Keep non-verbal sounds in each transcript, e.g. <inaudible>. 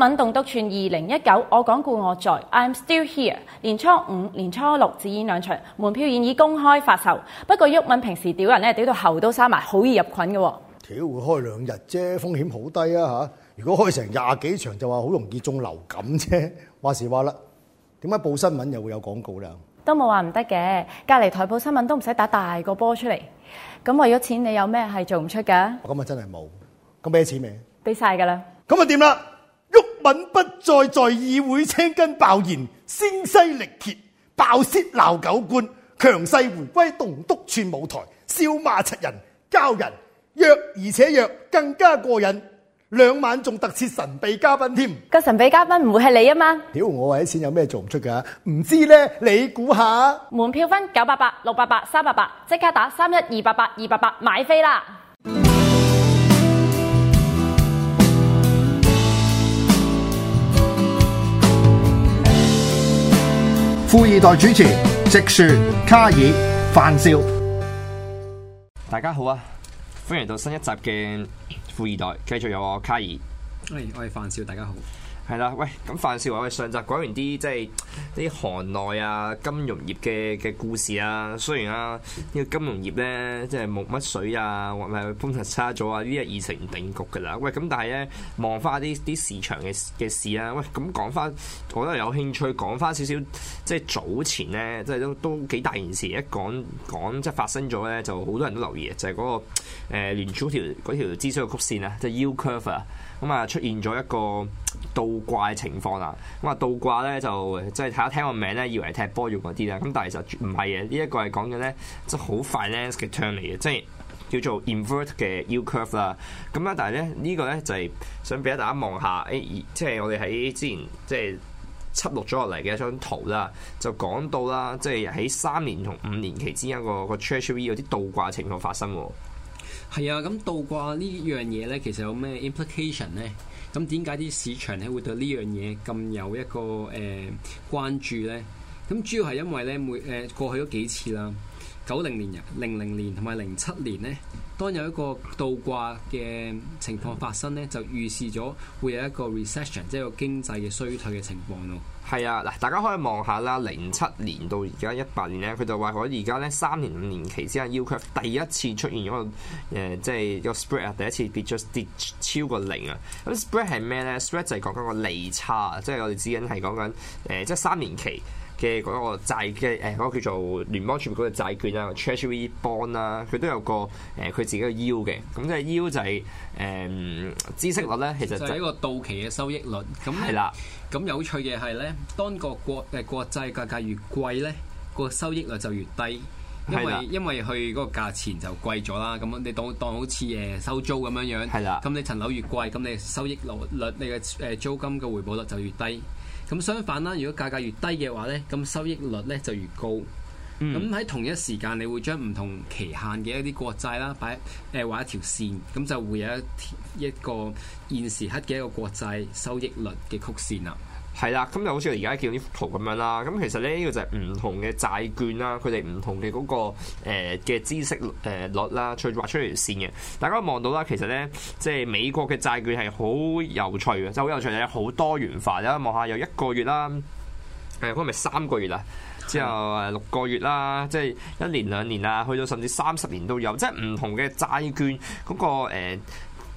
敏棟篤串二零一九，我講故我在，I'm still here。年初五，年初六只演兩場，門票現已公開發售。不過毓民平時屌人咧，屌到喉都沙埋，好易入菌嘅。屌開兩日啫，風險好低啊吓！如果開成廿幾場，就話好容易中流感啫。話時話啦，點解報新聞又會有廣告咧？都冇話唔得嘅，隔籬台報新聞都唔使打大個波出嚟。咁為咗錢，你有咩係做唔出嘅？咁啊、哦、真係冇。咁俾咗錢未？俾晒噶啦。咁啊掂啦。敏不再在,在議會青筋爆現，聲嘶力竭，爆舌鬧狗官，強勢回歸棟篤串舞台，笑罵七人，教人弱而且弱，更加過癮。兩晚仲特設神秘嘉賓添，個神秘嘉賓唔會係你啊嘛？屌我為啲錢有咩做唔出噶？唔知呢？你估下？門票分九八八、六八八、三八八，即刻打三一二八八、二八八買飛啦！富易袋主持，直船卡爾范少，大家好啊！歡迎到新一集嘅富易袋繼續有我卡爾，係、哎、我係范少，大家好。係啦、嗯，喂，咁范少話喂，上集講完啲即係啲行內啊金融業嘅嘅故事啊，雖然啊呢個金融業咧即係冇乜水啊，或者崩塌差咗啊，呢啲已成定局㗎啦。喂，咁但係咧望翻啲啲市場嘅嘅事啊，喂，咁講翻我都有興趣講翻少少，即係早前咧即係都都幾大件事，一講講即係發生咗咧，就好多人都留意嘅，就係、是、嗰、那個誒、呃、連珠條嗰條資訊嘅曲線啊，即係 yield curve 啊。咁啊，出現咗一個倒掛情況啦。咁啊，倒掛咧就即係睇下聽個名咧，以為踢波用嗰啲啦。咁但係其實唔係嘅，呢、這、一個係講緊咧，即係好 finance 嘅 term 嚟嘅，即係叫做 inverted U curve 啦。咁啊，但係咧呢個咧就係想俾大家望下，誒，即係我哋喺之前即係輯錄咗落嚟嘅一張圖啦，就講到啦，即係喺三年同五年期之間，那個個 Treasury 有啲倒掛情況發生。係啊，咁倒掛呢樣嘢咧，其實有咩 implication 咧？咁點解啲市場咧會對呢樣嘢咁有一個誒、呃、關注咧？咁主要係因為咧每誒、呃、過去咗幾次啦。九零年啊、零零年同埋零七年咧，當有一個倒掛嘅情況發生咧，就預示咗會有一個 recession，即係個經濟嘅衰退嘅情況咯。係啊，嗱，大家可以望下啦，零七年到而家一八年咧，佢就話我而家咧三年五年期之間 yield curve 第一次出現咗個、嗯、即係個 spread 啊，第一次跌咗跌超過零啊。咁、嗯、spread 係咩咧？spread 就係講緊個利差，即係我哋指引係講緊誒、嗯，即係三年期。嘅嗰個債嘅誒嗰個叫做聯邦全國嘅債券啦，Treasury Bond 啦，佢都有個誒佢自己個 yield 嘅，咁即係 yield 就係誒孳息率咧，其實就係一個到期嘅收益率。係啦，咁是的 有趣嘅係咧，當個國誒國際價格越貴咧，個收益率就越低，因為是的 因為佢嗰個價錢就貴咗啦。咁樣你當當好似誒收租咁樣樣，係啦。咁你層樓越貴，咁你收益率你嘅誒租金嘅回報率就越低。咁相反啦，如果價格越低嘅話咧，咁收益率咧就越高。咁喺、嗯、同一時間，你會將唔同期限嘅一啲國債啦，擺誒、呃、畫一條線，咁就會有一個一個現時刻嘅一個國債收益率嘅曲線啦。係啦，咁、嗯、就好似而家見到呢幅圖咁樣啦。咁其實咧，呢個就係唔同嘅債券啦。佢哋唔同嘅嗰、嗰個嘅、呃、孳息誒率啦、呃，隨住畫出嚟條線嘅。大家望到啦，其實咧即係美國嘅債券係好有趣嘅，即係好有趣，又好多元化啦。望下有一個月啦，誒嗰個咪三個月啊，之後誒六個月啦，即係一年兩年啊，去到甚至三十年都有，即係唔同嘅債券嗰、嗰個、呃、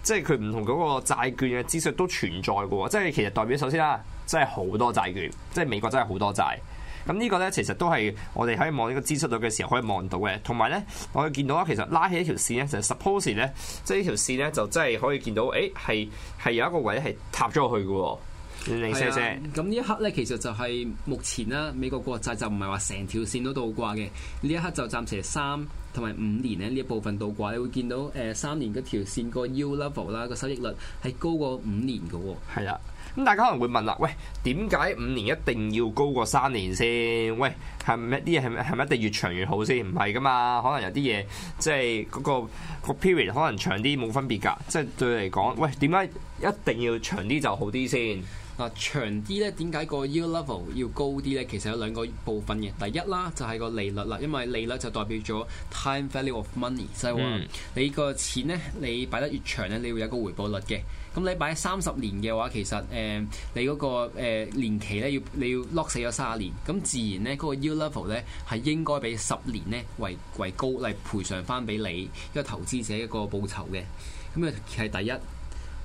即係佢唔同嗰個債券嘅孳息都存在嘅。即係其實代表首先啦。真係好多債券，即係美國真係好多債。咁呢個咧，其實都係我哋喺望呢個支出度嘅時候可以望到嘅。同埋咧，我可以見到咧，其實拉起一條線咧，就是、suppose 咧，即係呢條線咧，就真係可以見到，誒係係有一個位係塌咗去嘅、哦，你聽你聽你聽。咁呢一刻咧，其實就係目前啦，美國國債就唔係話成條線都倒掛嘅。呢一刻就暫時係三同埋五年咧，呢一部分倒掛，你會見到誒三年嗰條線個 yield level 啦，個收益率係高過五年嘅喎、哦。係啊。咁大家可能會問啦，喂，點解五年一定要高過三年先？喂，係咪啲嘢係咪係咪一定越長越好先？唔係噶嘛，可能有啲嘢即係嗰個個 period 可能長啲冇分別噶，即係對你嚟講，喂，點解一定要長啲就好啲先？啊，長啲咧，點解個 yield level 要高啲咧？其實有兩個部分嘅，第一啦就係個利率啦，因為利率就代表咗 time value of money，即係話你個錢咧，你擺得越長咧，你會有個回報率嘅。咁你擺三十年嘅話，其實誒、呃、你嗰、那個、呃、年期咧，要你要 lock 死咗三十年，咁自然咧嗰、那個 yield level 咧係應該比十年咧為為高嚟賠償翻俾你一個投資者一個報酬嘅，咁啊係第一。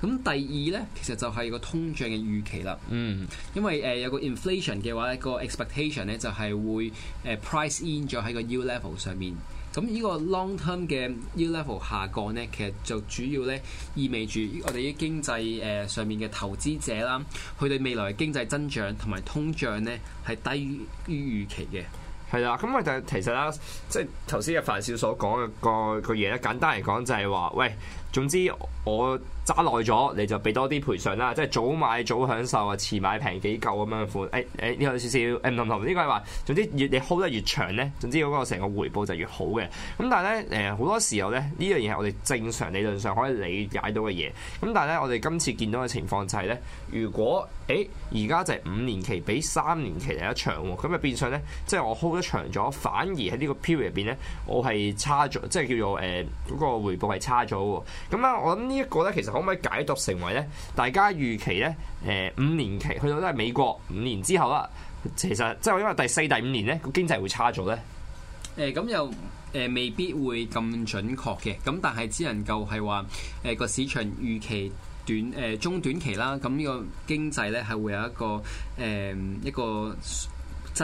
咁第二咧，其實就係個通脹嘅預期啦。嗯，因為誒有個 inflation 嘅話，個 expectation 咧就係會誒 price in 咗喺個 yield level 上面。咁呢個 long term 嘅 U level 下降咧，其實就主要咧意味住我哋啲經濟誒上面嘅投資者啦，佢哋未來嘅經濟增長同埋通脹咧係低於預期嘅。係啦，咁但係其實啦，即係頭先阿范少所講嘅、嗰個、嗰個嘢咧，簡單嚟講就係話，喂，總之我。揸耐咗你就俾多啲賠償啦，即係早買早享受啊，遲買平幾嚿咁樣款。誒、哎、誒，呢、哎呢個少少唔同同呢、呢個係話，總之越你 hold 得越長咧，總之嗰個成個回報就越好嘅。咁但係咧誒好多時候咧，呢樣嘢係我哋正常理論上可以理解到嘅嘢。咁但係咧，我哋今次見到嘅情況就係、係、咧，如果誒而家就係五年期比三年期嚟得長喎，咁啊變相咧，即係我 hold 得長咗，反而喺呢個 period 入邊咧，我係差咗，即係叫做誒嗰、呃嗰個回報係差咗喎。咁啊，我諗呢一個咧其實。可唔可以解讀成為咧？大家預期咧，誒五年期去到都係美國五年之後啦，其實即係因為第四、第五年咧個經濟會差咗咧。誒咁又誒未必會咁準確嘅，咁、嗯、但係只能夠係話誒個市場預期短誒、呃、中短期啦。咁、嗯、呢、這個經濟咧係會有一個誒、嗯、一個。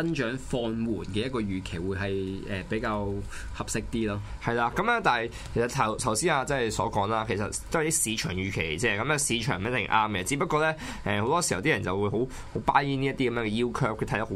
增長放緩嘅一個預期會係誒比較合適啲咯。係啦，咁咧，但係其實頭頭先啊，即係所講啦，其實都係啲市場預期嚟啫。咁啊，市場唔一定啱嘅。只不過咧，誒好多時候啲人就會好好 Buy 呢一啲咁樣嘅 yield curve，佢睇得好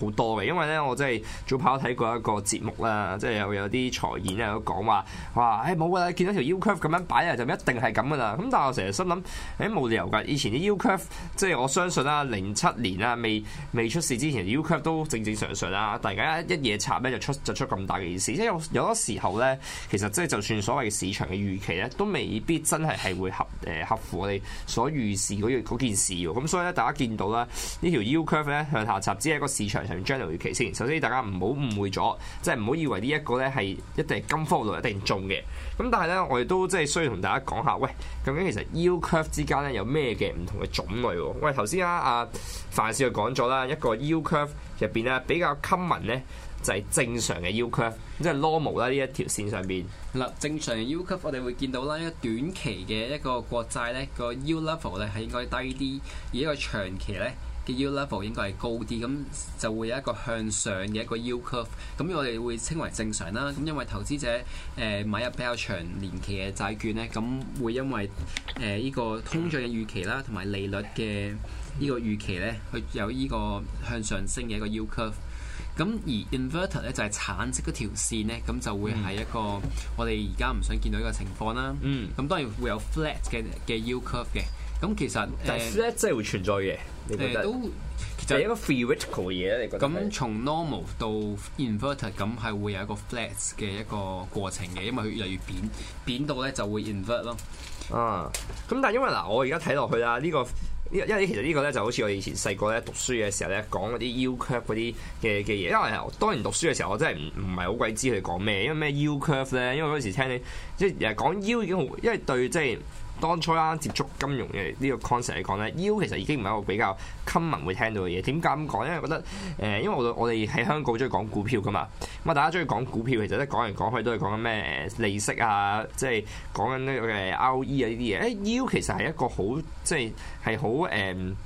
好多嘅。因為咧，我真係早排我睇過一個節目啦，即係有有啲財演有講話，話誒冇啊，見、哎、到條 yield curve 咁樣擺啊，就一定係咁噶啦。咁但係我成日心諗，誒、哎、冇理由㗎。以前啲 yield curve，即係我相信啦，零七年啊，未未出事之前，yield curve 都。正正常常啦，大家一夜插咧就出就出咁大嘅件事，即係有有好多時候咧，其實即係就算所謂市場嘅預期咧，都未必真係係會合誒、呃、合乎我哋所預示嗰件事。咁所以咧，大家見到咧呢條 U curve 咧向下插，只係一個市場上面 general 預期先。首先，大家唔好誤會咗，即係唔好以為呢一個咧係一定係金科股一定中嘅。咁但係咧，我哋都即係需要同大家講下，喂，究竟其實 yield curve 之間咧有咩嘅唔同嘅種類？喂，頭先啊，阿范少又講咗啦，一個 yield curve 入邊咧比較 common 咧就係、是、正常嘅 yield curve，即係 normal 啦，呢一條線上邊。嗱，正常 yield curve 我哋會見到啦，一個短期嘅一個國債咧個 yield level 咧係應該低啲，而一個長期咧，嘅 yield level 應該係高啲，咁就會有一個向上嘅一個 yield curve，咁我哋會稱為正常啦。咁因為投資者誒、呃、買入比較長年期嘅債券咧，咁會因為誒依、呃這個通脹嘅預期啦，同埋利率嘅呢個預期咧，佢有呢個向上升嘅一個 yield curve。咁而 inverted 咧就係橙色嗰條線咧，咁就會係一個我哋而家唔想見到呢個情況啦。嗯，咁當然會有 flat 嘅嘅 yield curve 嘅。咁其實，但係 flat 真係會存在嘅，誒都、呃、其實係一個 theoretical 嘅嘢咧、啊。你覺得咁從 normal 到 inverted 咁係會有一個 flat 嘅一個過程嘅，因為佢越嚟越扁，扁到咧就會 invert 咯、啊。啊，咁但係因為嗱，我而家睇落去啦，呢個因為其實呢個咧就好似我哋以前細個咧讀書嘅時候咧講嗰啲 U curve 嗰啲嘅嘅嘢，因為當然讀書嘅時候我真係唔唔係好鬼知佢講咩，因為咩 U curve 咧，因為嗰時聽啲即係講 U 已經好，因為對即係。就是當初啱、啊、接觸金融嘅呢個 concept 嚟講咧，U 其實已經唔係一個比較 common 會聽到嘅嘢。點解咁講？因為覺得誒，因為我、呃、因為我哋喺香港鍾意講股票噶嘛，咁啊大家鍾意講股票，其實咧講嚟講去都係講緊咩誒利息啊，即係講緊呢個嘅 ROE 啊呢啲嘢。誒、呃、U 其實係一個好即係係好誒。嗯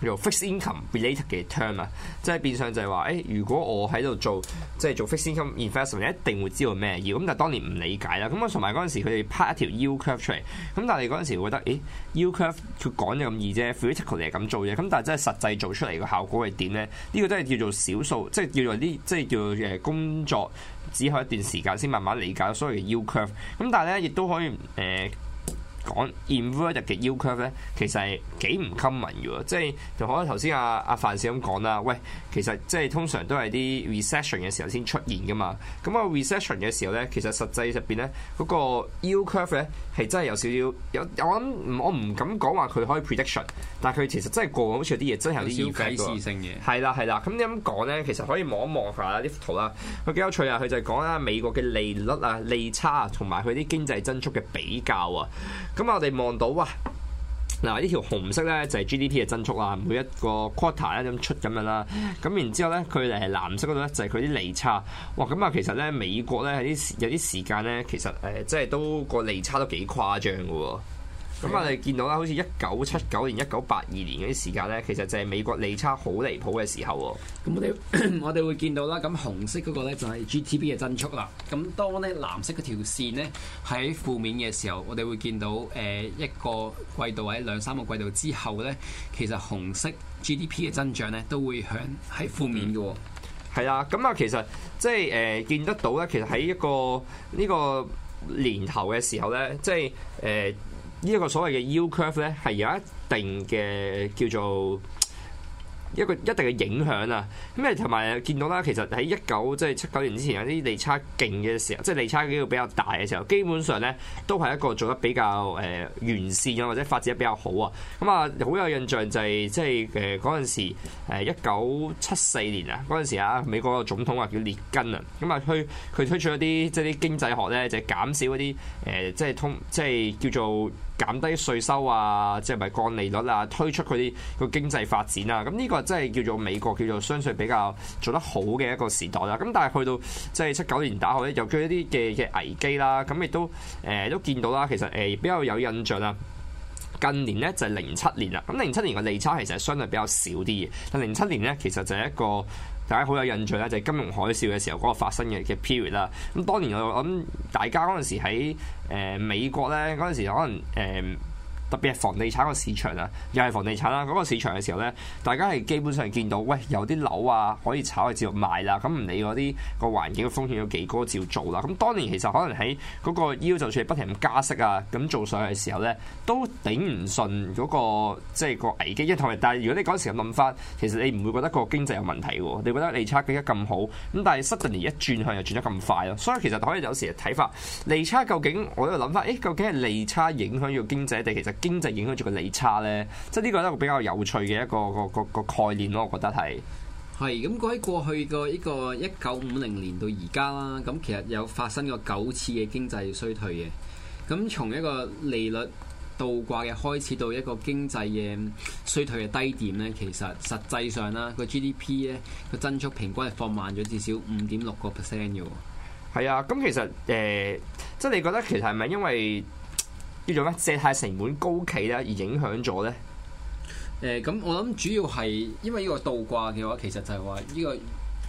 叫做 fixed income related 嘅 term 啊，即係變相就係話，誒，如果我喺度做，即係做 fixed income investment，一定會知道咩嘢。咁但係當年唔理解啦。咁我同埋嗰陣時，佢哋拍一條 yield curve 出嚟。咁但係嗰陣時會覺得，誒、欸、yield curve 佢講就咁易啫 financial 你係咁做嘅。咁但係真係實際做出嚟嘅效果係點咧？呢、這個都係、就是、叫做少數，即係叫做啲，即係叫做誒工作，只係一段時間先慢慢理解所謂 yield curve。咁但係咧，亦都可以誒。呃講 inverted 嘅 yield curve 咧，其實係幾唔 common 嘅喎，即係就好似頭先阿阿范少咁講啦。喂，其實即係通常都係啲 recession 嘅時候先出現噶嘛。咁啊個 recession 嘅時候咧，其實實際入邊咧嗰個 yield curve 咧係真係有少少有。我諗我唔敢講話佢可以 prediction，但係佢其實真係過往好似有啲嘢真係有啲預期性嘅。係啦係啦，咁你咁講咧，其實可以望一望啦呢幅圖啦，佢幾有趣啊！佢就係講啦美國嘅利率啊、利差啊，同埋佢啲經濟增速嘅比較啊。咁、嗯、我哋望到啊，嗱呢條紅色咧就係、是、G D P 嘅增速啊，每一個 quarter 咧咁出咁樣啦。咁、嗯、然之後咧，佢哋藍色嗰度咧就係佢啲利差哇。咁、嗯、啊，其實咧美國咧喺啲有啲時間咧，其實誒、呃、即係都個利差都幾誇張嘅喎。咁我哋見到啦，好似一九七九年、一九八二年嗰啲時間咧，其實就係美國利差好離譜嘅時候。咁我哋我哋會見到啦。咁紅色嗰個咧就係 GDP 嘅增速啦。咁當咧藍色嗰條線咧喺負面嘅時候，我哋會見到誒一個季度或者兩三個季度之後咧，其實紅色 GDP 嘅增長咧都會響喺負面嘅、哦。係啦，咁啊、呃，其實即係誒見得到咧。其實喺一個呢、這個年頭嘅時候咧，即係誒。呃呢一個所謂嘅 U curve 咧，係有一定嘅叫做一個一定嘅影響啊！咁誒同埋見到啦，其實喺一九即係七九年之前有啲利差勁嘅時候，即係利差嘅比較大嘅時候，基本上咧都係一個做得比較誒、呃、完善啊，或者發展得比較好啊！咁、嗯、啊，好有印象就係、是、即係誒嗰陣時一九七四年啊，嗰陣時啊，美國個總統啊叫列根啊，咁啊推佢推出一啲即係啲經濟學咧，就減少一啲誒、呃、即係通即係叫做。叫做減低稅收啊，即係咪降利率啊？推出佢啲個經濟發展啊，咁呢個真係叫做美國叫做相對比較做得好嘅一個時代啦、啊。咁但係去到即係七九年打後咧，有佢一啲嘅嘅危機啦、啊。咁亦都誒、呃、都見到啦。其實誒、呃、比較有印象啊。近年咧就係零七年啦。咁零七年嘅利差其實係相對比較少啲嘅。但零七年咧其實就係一個。大家好有印象咧，就係、是、金融海嘯嘅時候嗰個發生嘅嘅 period 啦。咁當年我諗大家嗰陣時喺誒美國咧，嗰陣時可能誒。嗯特別係房地產，市房地產、個市場啊，又係房地產啦。嗰個市場嘅時候咧，大家係基本上見到，喂，有啲樓啊可以炒去，係照賣啦。咁唔理嗰啲個環境嘅風險有幾高，照做啦。咁當年其實可能喺嗰個腰、e，就算係不停咁加息啊，咁做上去嘅時候咧，都頂唔順嗰個即係、就是、個危機一頭嚟。但係如果你嗰陣時咁諗返，其實你唔會覺得個經濟有問題喎。你覺得利差變咗咁好，咁但係 Suddenly 一轉向又轉得咁快咯。所以其實可以有時睇法，利差究竟我喺度諗翻，誒、欸，究竟係利差影響到經濟定其實？經濟影響住個利差咧，即係呢個係一個比較有趣嘅一個個個個概念咯，我覺得係。係，咁喺過去個一個一九五零年到而家啦，咁其實有發生過九次嘅經濟衰退嘅。咁從一個利率倒掛嘅開始到一個經濟嘅衰退嘅低點咧，其實實際上啦個 GDP 咧個增速平均係放慢咗至少五點六個 percent 嘅喎。係啊，咁其實誒、呃，即係你覺得其實係咪因為？叫做咩？借貸成本高企啦，而影響咗咧。誒、呃，咁我諗主要係因為呢個倒掛嘅話，其實就係話呢個，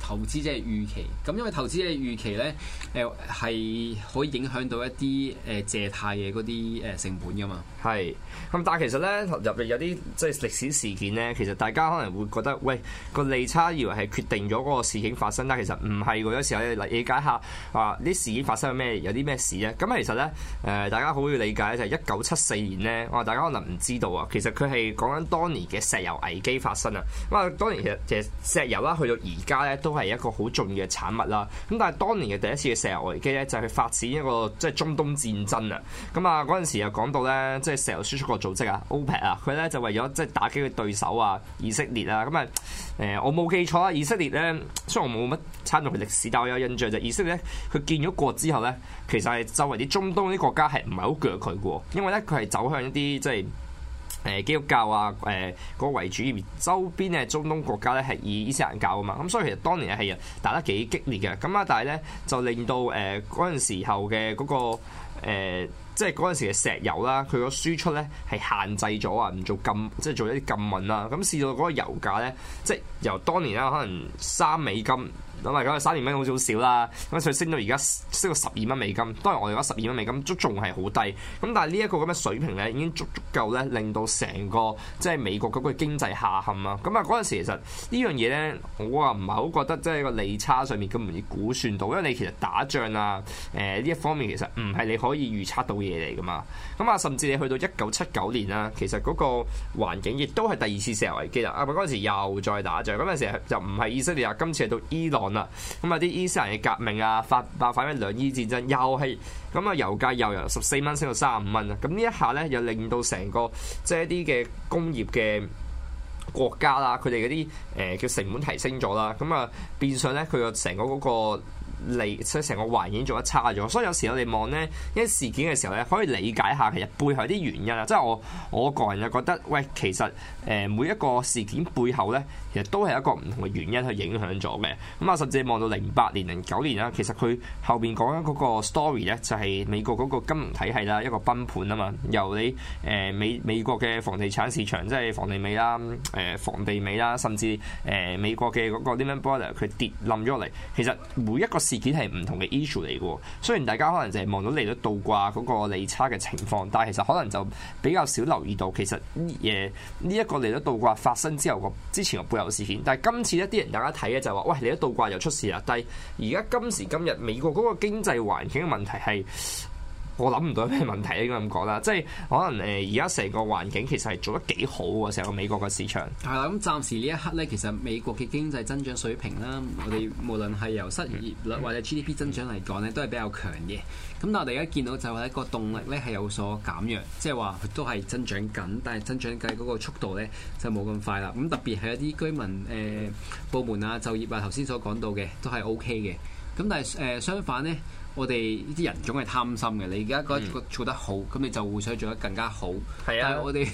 投資者嘅預期，咁因為投資者預期咧，誒、呃、係可以影響到一啲誒、呃、借貸嘅嗰啲誒成本噶嘛。係。咁但係其實咧入邊有啲即係歷史事件咧，其實大家可能會覺得喂個利差以為係決定咗嗰個事件發生，但其實唔係喎。有時候咧，嚟理解下啊啲事件發生咩，有啲咩事咧。咁其實咧誒、呃、大家好要理解就係一九七四年咧，我、啊、話大家可能唔知道啊，其實佢係講緊當年嘅石油危機發生啊。咁啊，當年其實其實石油啦、啊，去到而家咧都。都係一個好重要嘅產物啦。咁但係當年嘅第一次嘅石油危機咧，就係、去、發展一個即係中東戰爭啊。咁啊，嗰陣時又講到咧，即係石油輸出國組織啊，OPEC 啊，佢咧就為咗即係打擊佢對手啊，以色列啊。咁啊，誒、呃，我冇記錯啊，以色列咧，雖然我冇乜參與歷史，但我有印象就以色列佢建咗國之後咧，其實係周圍啲中東啲國家係唔係好夾佢嘅，因為咧佢係走向一啲即係。誒基督教啊，誒、呃、嗰、那個為主義，周邊咧中東國家咧係以伊斯蘭教啊嘛，咁所以其實當年係打得幾激烈嘅，咁啊但係咧就令到誒嗰陣時候嘅嗰、那個、呃、即係嗰陣時嘅石油啦，佢個輸出咧係限制咗啊，唔做禁，即係做一啲禁運啦，咁試到嗰個油價咧，即係由當年啦可能三美金。咁咪講三年蚊好似好少啦，咁所以升到而家升到十二蚊美金，當然我哋講十二蚊美金都仲係好低，咁但係呢一個咁嘅水平咧，已經足足夠咧令到成個即係美國嗰個經濟下陷啊！咁啊嗰陣時其實呢樣嘢咧，我啊唔係好覺得即係個利差上面咁容易估算到，因為你其實打仗啊，誒、呃、呢一方面其實唔係你可以預測到嘢嚟㗎嘛。咁啊甚至你去到一九七九年啦，其實嗰個環境亦都係第二次石油危機啦，啊唔係嗰時又再打仗，咁陣時就唔係以色列啊，今次係到伊朗。啦，咁啊啲伊斯蘭嘅革命啊，發爆發咗兩伊戰爭，又係咁啊油價又由十四蚊升到三十五蚊啊，咁、嗯、呢一下咧又令到成個即係、就是、一啲嘅工業嘅國家啦，佢哋嗰啲誒叫成本提升咗啦，咁、嗯、啊變相咧佢個成、那個嗰個。嚟，即係成個環境做得差咗，所以有時我哋望咧一事件嘅時候咧，可以理解下其實背後啲原因啊。即係我我個人就覺得，喂，其實誒每一個事件背後咧，其實都係一個唔同嘅原因去影響咗嘅。咁啊，甚至望到零八年、零九年啦，其實佢後邊講緊個 story 咧，就係、是、美國個金融體系啦，一個崩盤啊嘛。由你誒、呃、美美國嘅房地產市場即係房地美啦、誒、呃、房地美啦，甚至誒、呃、美國嘅個嗰 Lehman Brother 佢跌冧咗嚟。其實每一個。事件係唔同嘅 issue 嚟嘅，雖然大家可能淨係望到利率倒掛嗰個利差嘅情況，但係其實可能就比較少留意到，其實呢一個利率倒掛發生之後個之前嘅背後事件。但係今次一啲人大家睇嘅就係話，喂，利率倒掛又出事啦，但係而家今時今日美國嗰個經濟環境嘅問題係。我諗唔到咩問題，應該咁講啦，即係可能誒而家成個環境其實係做得幾好喎，成個美國嘅市場。係啦， <laughs> 咁暫時呢一刻咧，其實美國嘅經濟增長水平啦，我哋無論係由失業率或者 GDP 增長嚟講咧，都係比較強嘅。咁但我哋而家見到就係一個動力咧係有所減弱，即係話都係增長緊，但係增長緊嗰個速度咧就冇咁快啦。咁特別係一啲居民誒、呃、部門啊、就業啊，頭先所講到嘅都係 O K 嘅。咁但係誒、呃、相反咧。我哋呢啲人總係貪心嘅，你而家覺得做得好，咁、嗯、你就會想做得更加好。係啊，我哋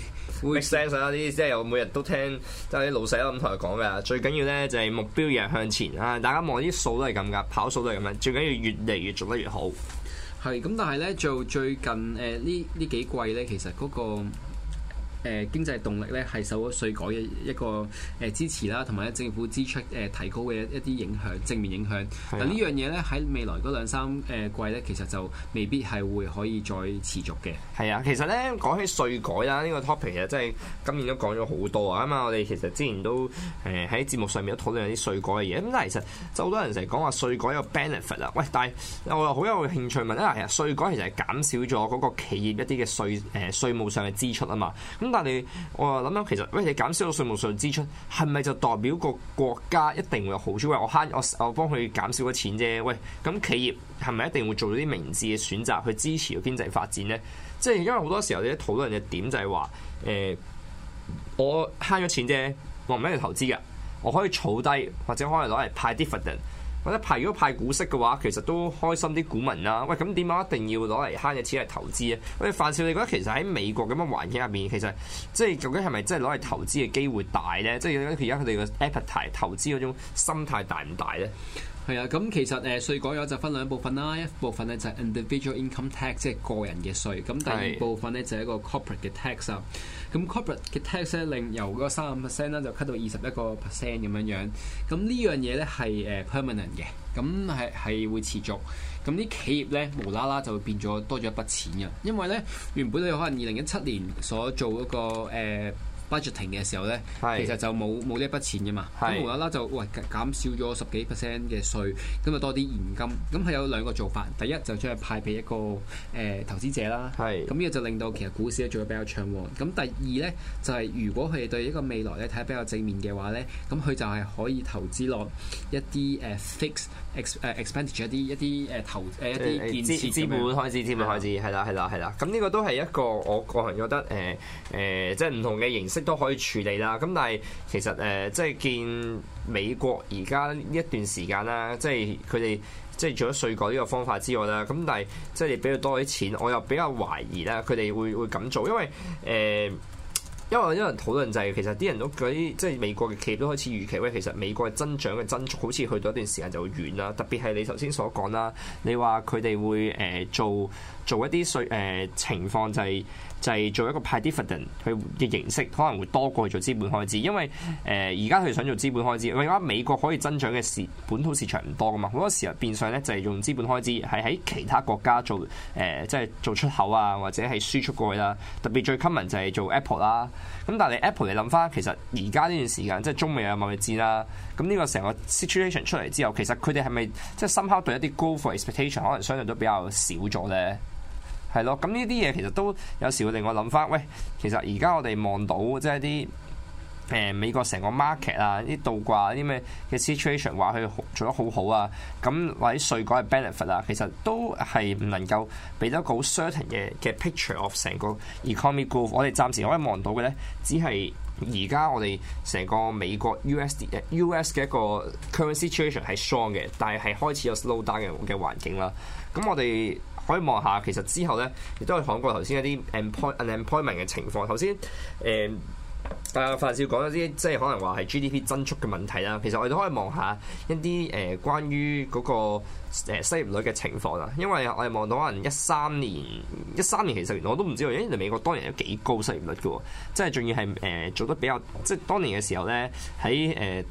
會 send 曬啲，即係我每日都聽，就係啲老細都咁同佢講嘅。最緊要咧就係目標日向前啊！大家望啲數都係咁㗎，跑數都係咁樣。最緊要越嚟越做得越好。係咁，但係咧做最近誒呢呢幾季咧，其實嗰、那個。誒經濟動力咧係受咗稅改嘅一個誒支持啦，同埋政府支出誒、呃、提高嘅一啲影響，正面影響。嗱的呢樣嘢咧喺未來嗰兩三誒季咧，其實就未必係會可以再持續嘅。係啊，其實咧講起稅改啦，呢、這個 topic 啊，真係今年都講咗好多啊。咁啊，我哋其實之前都誒喺、呃、節目上面都討論咗啲稅改嘅嘢。咁但係其實就好多人成日講話稅改有 benefit 啊。喂，但係我又好有興趣問，啊，其實稅改其實係減少咗嗰個企業一啲嘅稅誒稅務上嘅支出啊嘛。咁但係我又諗諗，其實喂，你減少到稅務上支出，係咪就代表個國家一定會有好處？喂，我慳我我幫佢減少咗錢啫。喂，咁企業係咪一定會做到啲明智嘅選擇去支持個經濟發展呢？即係因為好多時候你討論嘅點就係話，誒、欸，我慳咗錢啫，我唔一定投資㗎，我可以儲低或者可以攞嚟派 dividend。或者派如果派股息嘅話，其實都開心啲股民啦。喂，咁點解一定要攞嚟慳嘅錢嚟投資啊？喂，范少，你覺得其實喺美國咁嘅環境入面，其實即係究竟係咪真係攞嚟投資嘅機會大咧？即係而家佢哋嘅 appetite 投資嗰種心態大唔大咧？係啊，咁其實誒稅改咗就分兩部分啦，一部分咧就係 individual income tax，即係個人嘅稅，咁第二部分咧就係一個 corporate 嘅 tax 啊 ta，咁 corporate 嘅 tax 咧令由嗰三十五 percent 啦就 cut 到二十一個 percent 咁樣樣，咁呢樣嘢咧係誒 permanent 嘅，咁係係會持續，咁啲企業咧無啦啦就會變咗多咗一筆錢噶，因為咧原本你可能二零一七年所做嗰個、呃 budgeting 嘅時候咧，其實就冇冇呢一筆錢嘅嘛，咁無啦啦就喂減少咗十幾 percent 嘅稅，咁的就多啲現金，咁佢有兩個做法，第一就將佢派俾一個誒投資者啦，咁呢個就令到其實股市咧做得比較暢旺，咁第二咧就係如果佢哋對呢個未來咧睇得比較正面嘅話咧，咁佢就係可以投資落一啲誒 fix ex 誒 expansion 一啲一啲誒投誒一啲建設資本開始。資本開支，係啦係啦係啦，咁呢個都係一個我個人覺得誒誒即係唔同嘅形即都可以處理啦，咁但係其實誒、呃，即係見美國而家呢一段時間啦，即係佢哋即係做咗稅改呢個方法之外啦，咁但係即係你俾佢多啲錢，我又比較懷疑啦，佢哋會會咁做，因為誒、呃，因為有啲人討論就係、是、其實啲人都舉，即係美國嘅企業都開始預期喂，其實美國嘅增長嘅增速好似去到一段時間就會遠啦，特別係你頭先所講啦，你話佢哋會誒、呃、做做一啲稅誒情況就係、是。就係做一個 pay dividend 嘅形式，可能會多過做資本開支，因為誒而家佢想做資本開支。我覺得美國可以增長嘅市本土市場唔多噶嘛，好多時候變相咧就係用資本開支，係喺其他國家做誒，即、呃、係做出口啊，或者係輸出過去啦。特別最 common 就係做 Apple 啦。咁但係 Apple 你諗翻，其實而家呢段時間即係中美嘅貿易戰啦，咁呢個成個 situation 出嚟之後，其實佢哋係咪即係 somehow 對一啲 growth expectation 可能相對都比較少咗咧？係咯，咁呢啲嘢其實都有時會令我諗翻，喂，其實而家我哋望到即係啲誒美國成個 market 啊，啲倒掛啲咩嘅 situation，話佢做得好好啊，咁或者稅改係 benefit 啊，其實都係唔能夠俾得個好 certain 嘅嘅 picture of 成個 economic growth。我哋暫時可以望到嘅咧，只係而家我哋成個美國 USD US 嘅一個 current situation 係 strong 嘅，但係係開始有 slow down 嘅嘅環境啦。咁我哋。可以望下，其實之後咧，亦都係講過頭先一啲 employment 嘅情況。頭先誒阿范少講咗啲，即係可能話係 GDP 增速嘅問題啦。其實我哋都可以望下一啲誒、呃、關於嗰、嗰個、呃、失業率嘅情況啦。因為我哋望到可能一三年，一三年其實我都唔知道，因為，美國當年有幾高失業率嘅喎？即係仲要係誒、呃、做得比較，即係當年嘅時候咧，喺誒。呃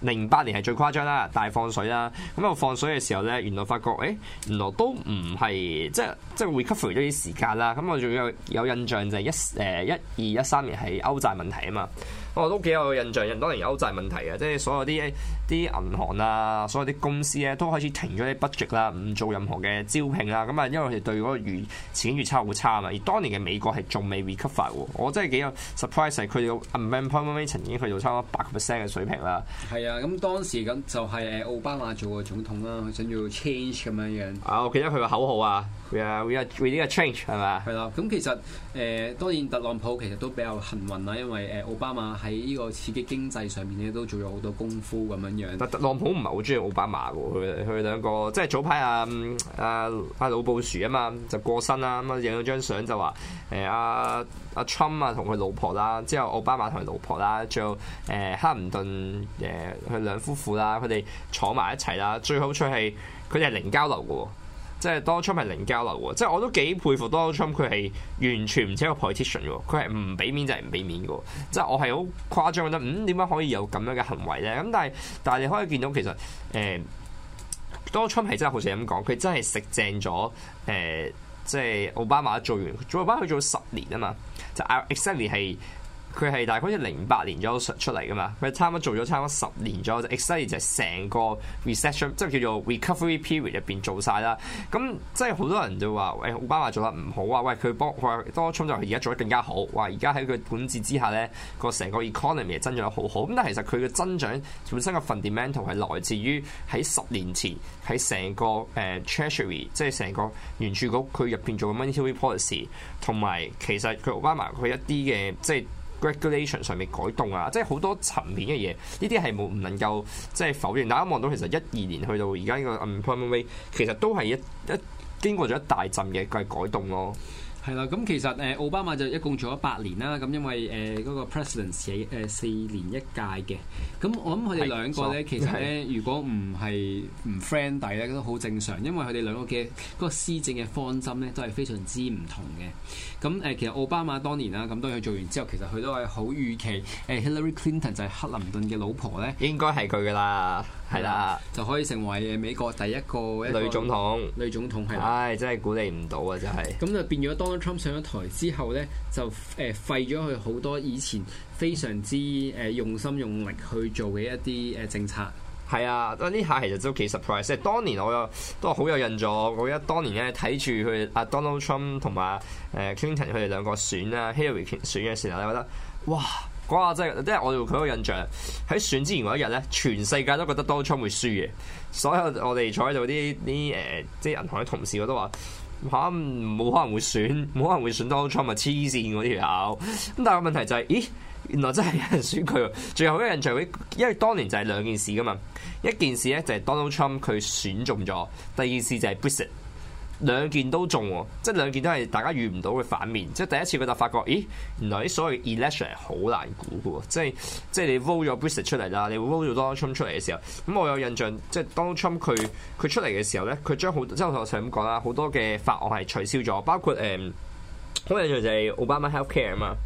零八年係最誇張啦，大放水啦，咁我放水嘅時候呢，原來發覺，誒、欸、原來都唔係，即係即係 recover 咗啲時間啦，咁我仲有有印象就係一誒一二一三年係歐債問題啊嘛。我、哦、都幾有印象，人當然有歐債問題嘅，即係所有啲啲銀行啊，所有啲公司咧、啊、都開始停咗啲 budget 啦，唔做任何嘅招聘啦。咁啊，因為佢哋對嗰個預錢預差好差啊嘛。而當年嘅美國係仲未 recover 喎，我真係幾有 surprise 係佢哋個 unemployment 曾經去到差唔多8 percent 嘅水平啦。係啊，咁當時咁就係誒奧巴馬做個總統啦、啊，佢想要 change 咁樣樣。啊，我記得佢個口號啊！啊，we are we need a change 係、right？咪？係 <noise> 啦，咁、嗯、其實誒、呃、當然特朗普其實都比較幸運啦，因為誒、呃、奧巴馬喺呢個刺激經濟上面咧都做咗好多功夫咁樣樣、啊啊啊呃啊。特朗普唔係好中意奧巴馬喎，佢佢兩個即係早排阿阿阿老布殊啊嘛就過身啦，咁啊影咗張相就話誒阿阿 Trump 啊同佢老婆啦，之後奧巴馬同佢老婆啦，最後誒、呃、克林頓誒佢、呃、兩夫婦啦，佢哋坐埋一齊啦，最好出係佢哋係零交流嘅喎。即係 Donald Trump 係零交流喎，即係我都幾佩服 Donald Trump 佢係完全唔似一個 politician 喎，佢係唔俾面就係唔俾面嘅，即係我係好誇張覺得，嗯，點解可以有咁樣嘅行為咧？咁但係但係你可以見到其實誒、欸、Donald Trump 係真係好似咁講，佢真係食正咗誒，即係奧巴馬做完，奧巴馬做翻去做十年啊嘛，就 exactly 係。佢係大概即係零八年左右出嚟噶嘛，佢差唔多做咗差唔多十年左右，就 exactly 就係成個 recession 即係叫做 recovery period 入邊做晒啦。咁即係好多人就話，誒、欸、奧巴馬做得唔好啊！喂，佢幫佢多充就係而家做得更加好。話而家喺佢管治之下咧，個成、e、個 economy 增長得好好。咁但係其實佢嘅增長本身嘅 fundamental 係來自於喺十年前喺成個誒 treasury，即係成個聯儲局佢入邊做嘅 monetary policy，同埋其實佢奧巴馬佢一啲嘅即係。Regulation 上面改動啊，即係好多層面嘅嘢，呢啲係冇唔能夠，即係否認。大家望到其實一二年去到而家呢個 unemployment rate，其實都係一一經過咗一大陣嘅改動咯。係啦，咁、嗯、其實誒奧巴馬就一共做咗八年啦。咁因為誒嗰、呃那個 president 係、呃、四年一屆嘅，咁我諗佢哋兩個咧，其實咧如果唔係唔 friend 底咧，type，都好正常，因為佢哋兩個嘅嗰個施政嘅方針咧都係非常之唔同嘅。咁、嗯、誒，其實奧巴馬當年啦，咁當佢做完之後，其實佢都係好預期誒、呃、Hillary Clinton 就係克林頓嘅老婆咧，應該係佢㗎啦。係啦，就可以成為美國第一個女總統。女總統係，唉、哎，真係鼓勵唔到啊！真、就、係、是。咁就變咗 Donald Trump 上咗台之後咧，就誒廢咗佢好多以前非常之誒用心用力去做嘅一啲誒政策。係啊，呢下其實都幾 surprise。誒，當年我又都好有印象。我記得當年咧睇住佢阿 Donald Trump 同埋誒 Clinton 佢哋兩個選啊 Hillary 選嘅時候，我覺得哇！哇！即係即係我對佢個印象，喺選之前嗰一日咧，全世界都覺得 Donald Trump 會輸嘅。所有我哋坐喺度啲啲誒，即係銀行嘅同事，我都話嚇冇可能會選，冇可能會選 Donald Trump 咪黐線嗰條友。咁但係個問題就係、是，咦？原來真係有人選佢。最後一個印象，因為當年就係兩件事噶嘛。一件事咧就係 Donald Trump 佢選中咗，第二件事就係兩件都中喎，即係兩件都係大家遇唔到嘅反面，即係第一次佢就發覺，咦，原來啲所謂 election 係好難估嘅喎，即係即係你 vote 咗 Biden 出嚟啦，你 vote 咗 Donald Trump 出嚟嘅時候，咁、嗯、我有印象，即係 Donald Trump 佢佢出嚟嘅時候咧，佢將好即係我頭先咁講啦，好多嘅法案係取消咗，包括誒，好、嗯、印象就係 Obama health care 啊嘛。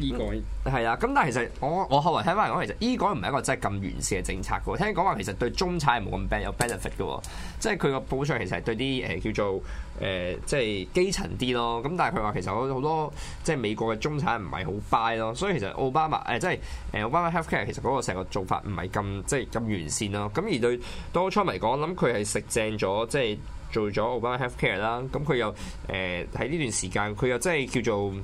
醫改係啊，咁、嗯、但係其實我我後來聽翻嚟講，其實醫、e、改唔係一個真係咁完善嘅政策嘅。聽講話其實對中產冇咁有 benefit 嘅，即係佢個保障其實係對啲誒、呃、叫做誒、呃、即係基層啲咯。咁但係佢話其實好多即係美國嘅中產唔係好 buy 咯。所以其實奧巴馬誒、呃、即係誒 Obamacare 其實嗰個成個做法唔係咁即係咁完善咯。咁而對當初嚟講，我諗佢係食正咗，即係做咗 Obamacare 啦。咁佢又誒喺呢段時間，佢又真係叫做。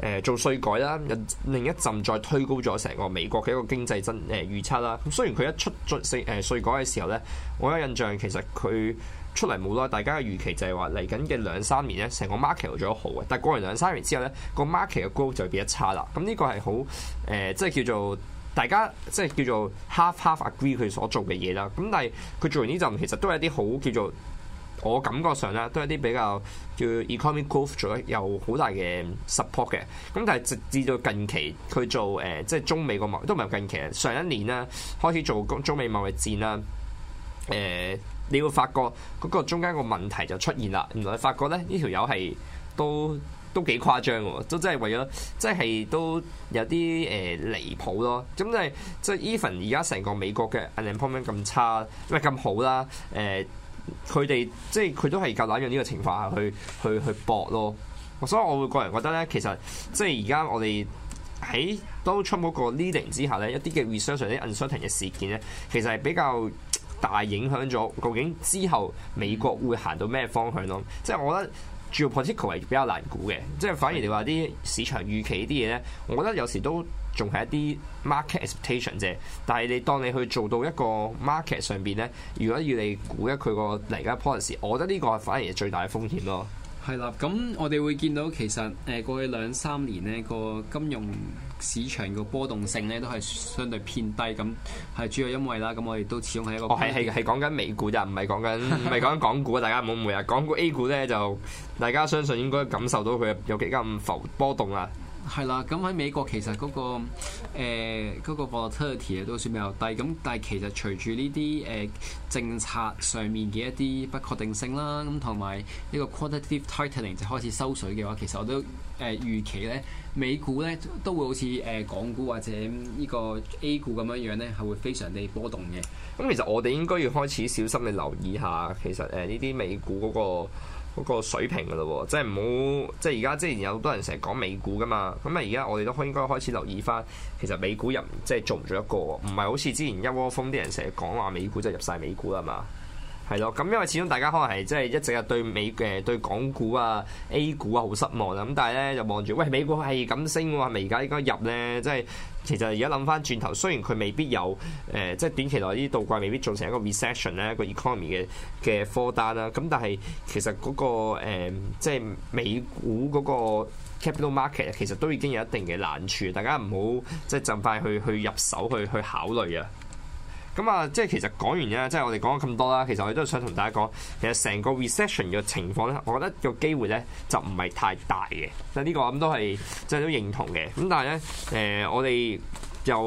誒做稅改啦，另一陣再推高咗成個美國嘅一個經濟增誒預測啦。咁雖然佢一出咗稅稅改嘅時候咧，我有印象其實佢出嚟冇耐，大家嘅預期就係話嚟緊嘅兩三年咧，成個 market 做得好嘅。但係過完兩三年之後咧，個 market 嘅 growth 就會變得差啦。咁呢個係好誒，即係叫做大家即係叫做 half half agree 佢所做嘅嘢啦。咁但係佢做完呢陣，其實都係一啲好叫做。我感覺上咧，都有啲比較叫 economic growth 做咗有好大嘅 support 嘅。咁但係直至到近期佢做誒、呃，即係中美個貿易都唔係近期，上一年啦開始做中美貿易戰啦。誒、呃，你會發覺嗰個中間個問題就出現啦。原來發覺咧呢條友係都都幾誇張嘅，都真係為咗，即係都有啲誒、呃、離譜咯。咁即係即係 even 而家成個美國嘅 performance 咁差，唔係咁好啦，誒、呃。佢哋即係佢都係夾硬用呢個情況下去去去搏咯，所以我會個人覺得咧，其實即係而家我哋喺都出嗰個 leading 之下咧，一啲嘅 recession 啲 uncertain 嘅事件咧，其實係比較大影響咗究竟之後美國會行到咩方向咯。即係我覺得主要 political 係比較難估嘅，即係反而你話啲市場預期啲嘢咧，我覺得有時都。仲係一啲 market expectation 啫，但係你當你去做到一個 market 上邊咧，如果要你估一佢個嚟緊 policy，我覺得呢個係反而係最大風險咯。係啦，咁我哋會見到其實誒過去兩三年呢個金融市場個波動性咧都係相對偏低咁，係主要因為啦，咁我哋都始終係一個係係係講緊美股啫，唔係講緊唔係講緊港股啊！大家唔好誤會啊，港股 A 股咧就大家相信應該感受到佢有幾咁浮波動啊！係啦，咁喺美國其實嗰、嗰個誒嗰、呃嗰個 volatility 都算比較低，咁但係其實隨住呢啲誒政策上面嘅一啲不確定性啦，咁同埋呢個 quantitative tightening 就開始收水嘅話，其實我都誒、呃、預期咧，美股咧都會好似誒港股或者呢個 A 股咁樣樣咧，係會非常地波動嘅。咁其實我哋應該要開始小心地留意下，其實誒呢啲美股嗰、嗰個。嗰個水平嘅咯，即係唔好，即係而家之前有好多人成日講美股噶嘛，咁啊而家我哋都應應該開始留意翻，其實美股入即係做唔做一個，唔係好似之前一窩蜂啲人成日講話美股就入晒美股啦嘛。係咯，咁因為始終大家可能係即係一直係對美嘅、呃、對港股啊、A 股啊好失望啊，咁但係咧就望住，喂，美股係咁升喎，啊，咪而家應該入咧？即、就、係、是、其實而家諗翻轉頭，雖然佢未必有誒，即、呃、係、就是、短期內啲倒季未必做成一個 recession 咧個 economy 嘅嘅貨單啦，咁但係其實嗰、嗰個即係、呃就是、美股嗰個 capital market 其實都已經有一定嘅難處，大家唔好即係盡快去去入手去去考慮啊！咁啊，即係其實講完啦，即係我哋講咗咁多啦，其實我哋都想同大家講，其實成個 recession 嘅情況咧，我覺得個機會咧就唔係太大嘅，咁、這、呢個我諗都係即係都認同嘅，咁但係咧誒，我哋。又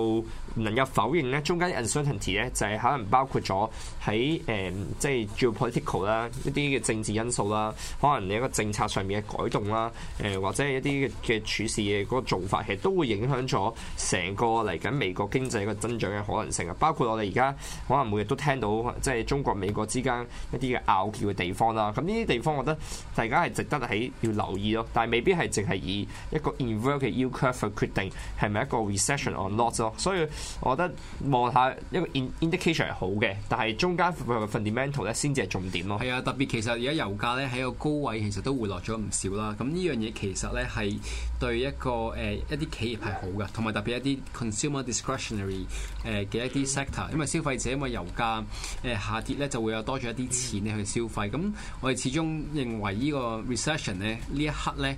唔能夠否認咧，中間 uncertainty 咧就係可能包括咗喺誒即、嗯、係係、就、做、是、geopolitical 啦一啲嘅政治因素啦，可能你一個政策上面嘅改動啦，誒、呃、或者係一啲嘅嘅處事嘅個做法，其實都會影響咗成個嚟緊美國經濟嘅增長嘅可能性啊！包括我哋而家可能每日都聽到即係、就是、中國美國之間一啲嘅拗撬嘅地方啦，咁呢啲地方我覺得大家係值得喺要留意咯。但係未必係淨係以一個 inverted 嘅 yield curve 決定係咪一個 recession on Line。所以，我覺得望下一個 indication 係好嘅，但係中間嘅 fundamental 咧先至係重點咯。係啊，特別其實而家油價咧喺個高位，其實都回落咗唔少啦。咁呢樣嘢其實咧係對一個誒、呃、一啲企業係好嘅，同埋特別一啲 consumer discretionary 誒嘅一啲 sector，因為消費者因為油價誒、呃、下跌咧就會有多咗一啲錢咧去消費。咁我哋始終認為呢個 recession 咧呢一刻咧誒、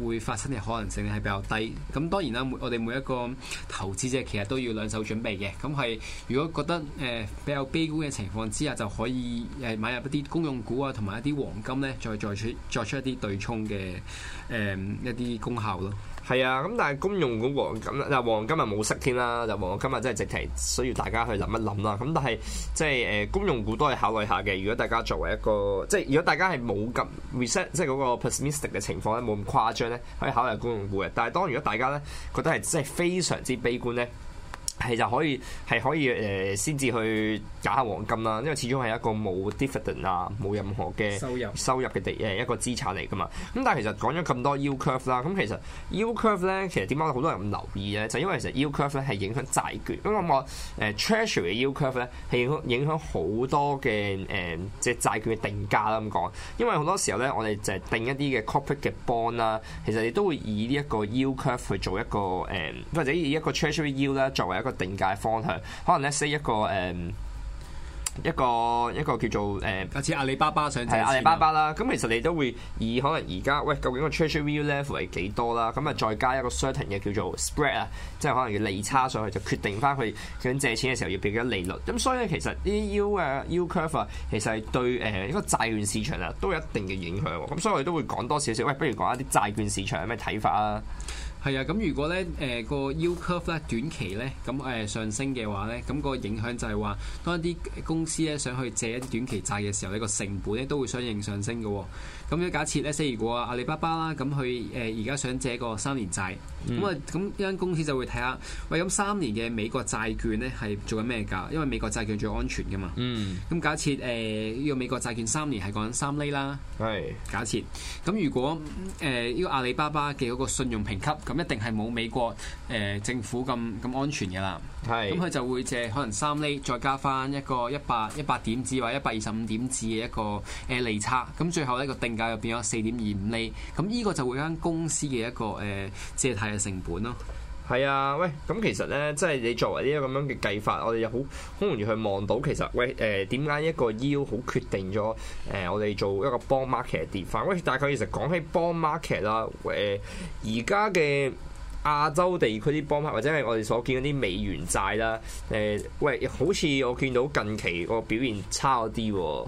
呃、會發生嘅可能性係比較低。咁當然啦，我哋每一個投資者其實都要兩手準備嘅，咁係如果覺得誒、呃、比較悲觀嘅情況之下，就可以誒買入一啲公用股啊，同埋一啲黃金咧，再作出作出一啲對沖嘅誒一啲功效咯。係啊，咁但係公用股黃咁，但係黃金咪冇息添啦。就黃金啊，真係直提需要大家去諗一諗啦。咁但係即係誒公用股都係考慮下嘅。如果大家作為一個即係，如果大家係冇咁 reset，即係嗰個 pessimistic 嘅情況咧，冇咁誇張咧，可以考慮公用股嘅。但係當然如果大家咧覺得係真係非常之悲觀咧。係就可以係可以誒先至去揀下黃金啦，因為始終係一個冇 dividend 啊，冇任何嘅收入收入嘅地誒一個資產嚟㗎嘛。咁但係其實講咗咁多 yield curve 啦，咁其實 yield curve 咧，其實點解好多人咁留意咧？就是、因為其實 yield curve 咧，係影響債券，因為我誒、呃、treasury 嘅 yield curve 咧，係影影響好多嘅誒、呃、即係債券嘅定價啦。咁講，因為好多時候咧我哋就係定一啲嘅 corporate bond 啦，其實你都會以呢一個 yield curve 去做一個誒、呃、或者以一個 treasury yield 咧，作為一個。定界方向，可能咧 say 一個誒、嗯、一個一個叫做誒，似、嗯、阿里巴巴上係阿里巴巴啦。咁其實你都會以可能而家喂究竟個 treasury view level 係幾多啦？咁啊再加一個 certain 嘅叫做 spread 啊，即係可能要利差上去就決定翻佢想借錢嘅時候要俾嘅利率。咁所以咧其實啲 U 誒 U curve 其實係對誒、呃、一個債券市場啊都有一定嘅影響。咁所以我哋都會講多少少。喂，不如講一啲債券市場有咩睇法啊？係啊，咁、嗯、如果咧，誒、呃、個 U curve 咧短期咧，咁、呃、誒上升嘅話咧，咁、那個影響就係話，當一啲公司咧想去借一啲短期債嘅時候，呢個成本咧都會相應上升嘅、哦。咁樣假設咧，例如果阿里巴巴啦，咁佢誒而家想借個三年債，咁啊、嗯，咁呢間公司就會睇下，喂、呃，咁三年嘅美國債券咧係做緊咩㗎？因為美國債券最安全噶嘛。嗯。咁假設誒呢個美國債券三年係講緊三厘啦。係是。假設，咁如果誒呢、呃這個阿里巴巴嘅嗰個信用評級，咁一定係冇美國誒、呃、政府咁咁安全㗎啦。係是。咁佢就會借可能三厘，再加翻一個一百一百點子或一百二十五點子嘅一個誒利差，咁最後一個定價又變咗四點二五厘，咁呢個就會間公司嘅一個誒借貸嘅成本咯。係啊，喂，咁其實咧，即係你作為呢一個咁樣嘅計法，我哋又好好容易去望到，其實喂誒，點、呃、解一個 U 好決定咗誒、呃，我哋做一個 bond market 跌翻？喂，但係其實講起 bond market 啦、呃，誒，而家嘅亞洲地區啲 bond 或者係我哋所見嗰啲美元債啦，誒、呃，喂，好似我見到近期個表現差咗啲，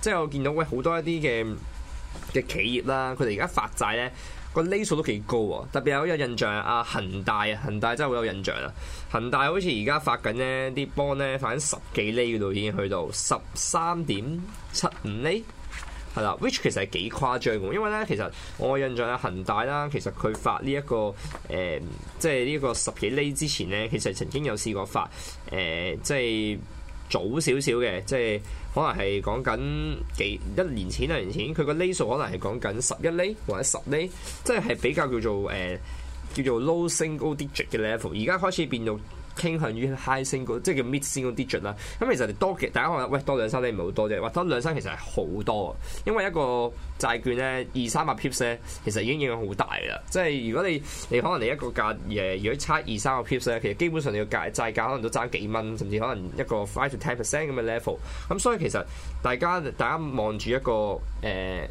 即係我見到喂好多一啲嘅。嘅企業啦，佢哋而家發債咧，個釐數都幾高啊！特別有一個印象，啊。恒大啊，恒大真係好有印象啊！恒大好似而家發緊呢啲 bond 咧，發緊十幾厘嗰度，已經去到十三點七五厘，係啦。which 其實係幾誇張嘅，因為咧其實我印象阿恒大啦，其實佢發呢、這、一個誒，即係呢個十幾厘之前咧，其實曾經有試過發誒即係。呃即係早少少嘅，即係可能係講緊幾一年前兩年前，佢個厘數可能係講緊十一厘或者十厘，即係比較叫做誒、呃、叫做 low single digit 嘅 level，而家開始變到。傾向於 high single，即係叫 mid single digit 啦。咁其實你多嘅，大家可能喂多兩三你唔係好多啫，或多兩三其實係好多。因為一個債券咧，二三百 pips 咧，其實已經影響好大啦。即係如果你你可能你一個價誒，如果差二三個 pips 咧，其實基本上你個價債價可能都爭幾蚊，甚至可能一個 five to ten percent 咁嘅 level。咁所以其實大家大家望住一個誒，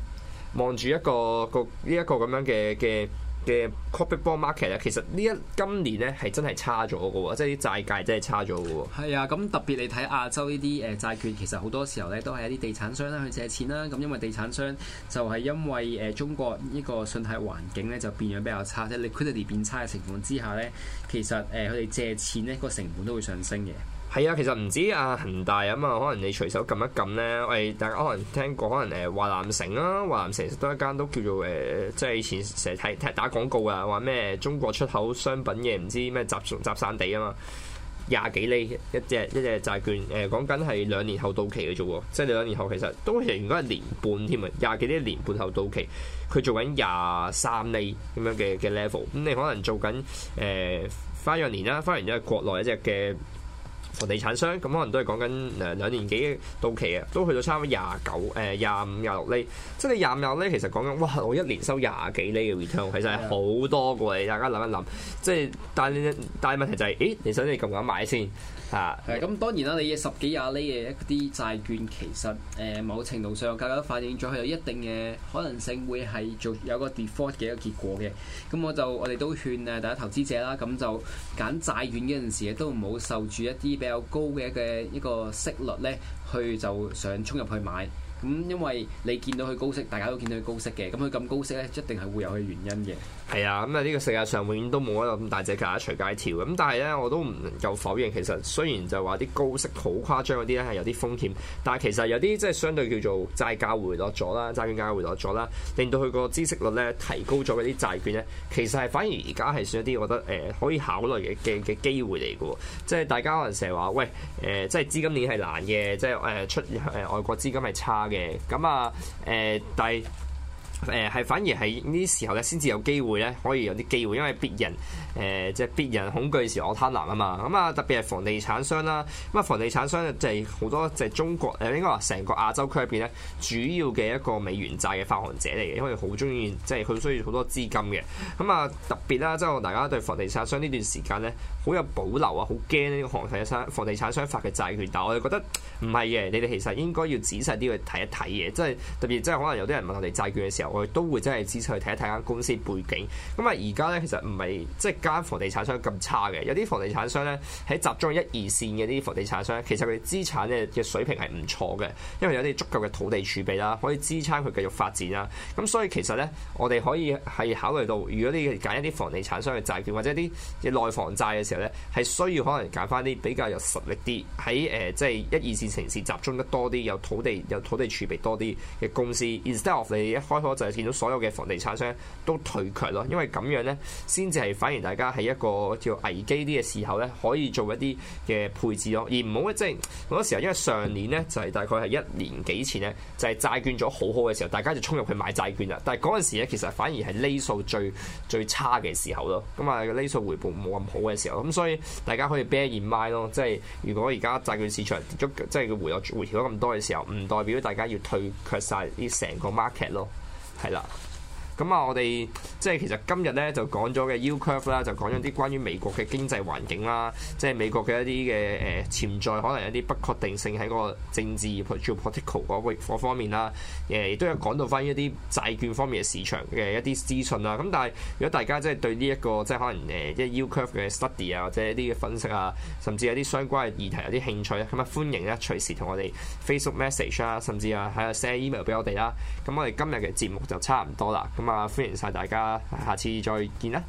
望、呃、住一個個呢一個咁樣嘅嘅。嘅 Corporate Bond Market 咧，其實呢一今年咧係真係差咗嘅喎，即係啲債界真係差咗嘅喎。係啊，咁特別你睇亞洲呢啲誒債券，其實好多時候咧都係一啲地產商啦去借錢啦。咁因為地產商就係因為誒、呃、中國呢個信貸環境咧就變咗比較差，即係 liquidity 變差嘅情況之下咧，其實誒佢哋借錢咧個成本都會上升嘅。係啊，其實唔止啊恒大啊嘛，可能你隨手撳一撳咧，喂，大家可能聽過，可能誒、啊、華南城啊，華南城都一間都叫做誒、啊，即係以前成日睇睇打廣告啊，話咩中國出口商品嘅唔知咩集集散地啊嘛，廿幾釐一隻一隻，一隻債券誒、啊，講緊係兩年後到期嘅啫喎，即、就、係、是、兩年後其實到期應該係年半添啊，廿幾釐年半後到期，佢做緊廿三釐咁樣嘅嘅 level，咁你可能做緊誒花樣年啦，花樣年即係國內一隻嘅。房地產商咁可能都係講緊誒兩年幾到期啊，都去到差唔多廿九誒廿五廿六厘，即係你廿五廿六厘其實講緊哇，我一年收廿幾厘嘅 return，其實係好多嘅，大家諗一諗，即係但係但係問題就係，誒，咦你想你咁啱買先？係，咁、啊、當然啦，你嘅十幾廿厘嘅一啲債券，其實誒、呃、某程度上，價格都反映咗佢有一定嘅可能性會係做有個 default 嘅一個結果嘅。咁我就我哋都勸誒大家投資者啦，咁就揀債券嗰陣時都唔好受住一啲比較高嘅一個息率咧，去就想衝入去買。咁因為你見到佢高息，大家都見到佢高息嘅，咁佢咁高息咧，一定係會有佢原因嘅。係啊，咁啊呢個世界上永遠都冇得咁大隻蛤乸隨街跳嘅。咁、嗯、但係咧，我都唔能夠否認，其實雖然就話啲高息好誇張嗰啲咧係有啲風險，但係其實有啲即係相對叫做債價回落咗啦，債券價回落咗啦，令到佢個孳息率咧提高咗嗰啲債券咧，其實係反而而家係算一啲我覺得誒、呃、可以考慮嘅嘅嘅機會嚟嘅喎。即係大家可能成日話，喂誒、呃，即係資金鏈係難嘅，即係誒出誒外國資金係差。嘅咁啊，誒、嗯，但係誒係反而係呢時候咧，先至有機會咧，可以有啲機會，因為別人誒即係別人恐懼時，我貪婪啊嘛。咁、嗯、啊，特別係房地產商啦，咁、嗯、啊，房地產商就係好多就係中國誒，應該話成個亞洲區入邊咧，主要嘅一個美元債嘅發行者嚟嘅，因為好鍾意即係佢需要好多資金嘅。咁、嗯、啊、嗯，特別啦，即係大家對房地產商呢段時間咧，好有保留啊！好驚呢個房地產商、房地產商發嘅債券，但係我哋覺得唔係嘅。你哋其實應該要仔細啲去睇一睇嘅，即係特別即係可能有啲人問我哋債券嘅時候，我哋都會真係仔細去睇一睇間公司背景。咁啊，而家咧其實唔係即係間房地產商咁差嘅，有啲房地產商咧喺集中一二線嘅啲房地產商，其實佢哋資產嘅水平係唔錯嘅，因為有啲足夠嘅土地儲備啦，可以支撐佢繼續發展啦。咁所以其實咧，我哋可以係考慮到，如果你揀一啲房地產商嘅債券，或者一啲內房債嘅時候。咧係需要可能揀翻啲比較有實力啲喺誒，即係一、二線城市集中得多啲，有土地有土地儲備多啲嘅公司。instead of 你一開一開就係見到所有嘅房地產商都退卻咯，因為咁樣呢，先至係反而大家喺一個叫危機啲嘅時候呢，可以做一啲嘅配置咯，而唔好即係好多時候，因為上年呢，就係、是、大概係一年幾前呢，就係、是、債券咗好好嘅時候，大家就衝入去買債券啦。但係嗰陣時咧，其實反而係厘數最最差嘅時候咯，咁啊厘數回報冇咁好嘅時候。咁所以大家可以 bear in mind 咯，即係如果而家債券市場跌咗，即係佢回落回調咗咁多嘅時候，唔代表大家要退卻晒啲成個 market 咯，係啦。咁啊，我哋即係其實今日咧就講咗嘅 Yield Curve 啦，就講咗啲關於美國嘅經濟環境啦，即係美國嘅一啲嘅誒潛在可能一啲不確定性喺個政治 propolitical 嗰個嗰方面啦。誒亦都有講到翻一啲債券方面嘅市場嘅一啲資訊啦。咁但係如果大家、這個、即係對呢一個即係可能誒即 Yield Curve 嘅 study 啊，或者一啲嘅分析啊，甚至有啲相關嘅議題有啲興趣咧，咁啊歡迎咧隨時同我哋 Facebook message 啊，甚至啊係啊 send email 俾我哋啦。咁我哋今日嘅節目就差唔多啦。咁啊，歡迎晒大家，下次再見啦！